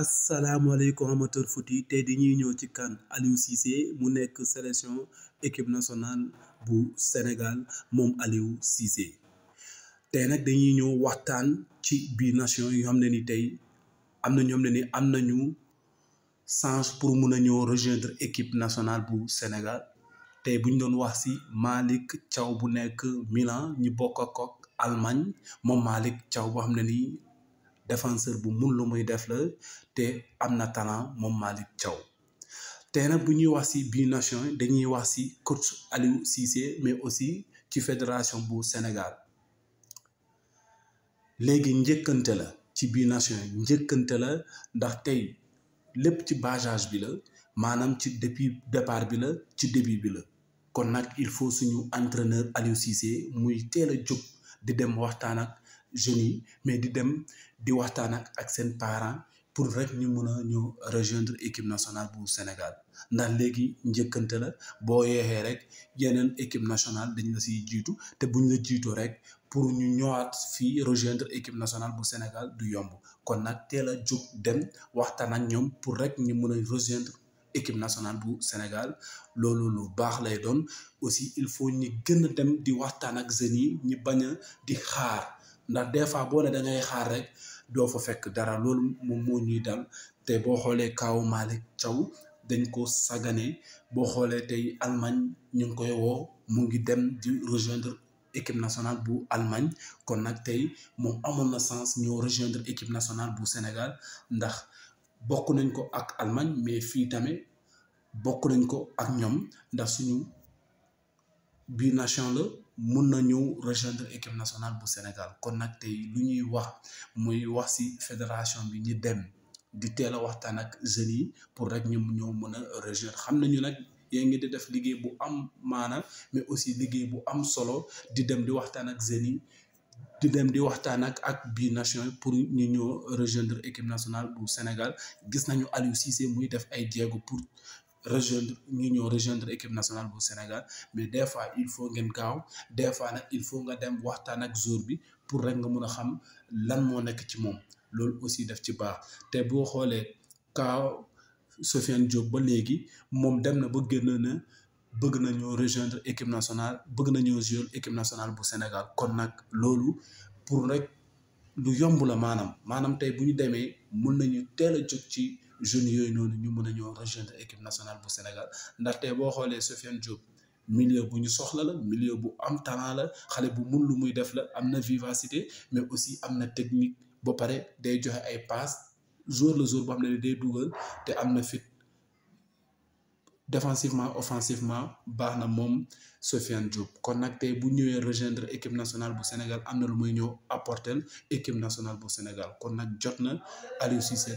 asalaamaaleykum amateur foot yi tey dañuy ñëw ci kan Aliou Cissé mu nekk sélection équipe nationale bu Sénégal moom Aliou Cissé tey nag dañuy ñëw waxtaan ci biir nation yoo xam ne ni tey am na ñoo xam ne ni am nañu chance pour mun a ñëw rejoindre équipe nationale bu Sénégal tey bu doon wax si Malick Thiaw bu nekk Milan ñu bokk ak Allemagne moom Malick caw boo xam ne nii. défenseur bu mun lu muy def la te am na talent moom Malick Thiaw tey nag bu ñuy wax ci bi nation dañuy wax ci coach Aliou Cissé mais aussi ci fédération bu Sénégal léegi njëkkante la ci bi nation njëkkante la ndax tey lépp ci bagage bi la maanaam ci depuis départ bi la ci début bi la kon nag il faut suñu entreneur Aliou Cissé muy teel a jóg di dem waxtaan ak jeunes yi mais di dem di waxtaan ak ak seen parents pour rek ñu mun a rejoindre équipe nationale bu Sénégal ndax léegi njëkkante la boo yeexee rek yeneen équipe nationale dañ la siy jiitu te buñ la jiitu rek pour ñu ñëwaat fii rejoindre équipe nationale bu Sénégal du yomb kon nag teel a jóg dem waxtaan ak ñoom pour rek ñu mun a rejoindre équipe nationale bu Sénégal loolu lu baax lay doon aussi il faut ñu gën a dem di waxtaan ak jeunes yi ñu bañ a di xaar. ndax des fois boo ne da xaar rek doo fa fekk dara loolu moom moo ñuy dal te boo xoolee kaawu Malick dañ ko sagane boo xoolee tey Allemagne ñu ngi koy woo mu ngi dem di rejoindre équipe nationale bu Allemagne kon nag tey moom amoon na sens ñoo rejoindre équipe nationale bu Sénégal ndax bokk nañ ko ak Allemagne mais fii tamit bokk nañ ko ak ñoom ndax suñu bi nation la mun na ñëw rejoindre équipe nationale bu Sénégal kon nag tey lu ñuy wax muy wax ci fédération bi ñu dem di teel a waxtaan ak jeunes yi pour rek ñu ñoo mën a rejoindre xam ñu nag yaa ngi di def liggéey bu am maana mais aussi liggéey bu am solo di dem di waxtaan ak jeunes yi di dem di waxtaan ak ak bi nation pour ñu ñëw rejoindre équipe nationale bu Sénégal gis nañu Aliou Cissé muy def ay jéego pour rejoindre ñu ñëw rejoindre équipe nationale bu Sénégal mais des fois il faut ngeen gaaw des fois nag il faut nga dem waxtaan ak jour bi pour rek nga mun a xam lan moo nekk ci moom loolu aussi def ci baax te boo xoolee kaaw Sofiane Diop ba léegi moom dem na ba génn na bëgg nañoo rejoindre équipe nationale bëgg nañoo jouer équipe nationale bu Sénégal kon nag loolu pour rek lu yomb la maanaam maanaam tey bu ñu demee mun nañu teel a jóg ci. jeunes yooyu ñu rejoindre équipe nationale bu Sénégal boo xoolee Sofiane Diop milieu bu ñu soxla la milieu bu am talent la bu la vivacité mais aussi am technique ba pare ay jour le jour défensivement offensivement Sofiane Diop kon nag tey bu rejoindre équipe nationale bu Sénégal am lu muy apporter équipe nationale bu Sénégal kon nag jot Aliou Cissé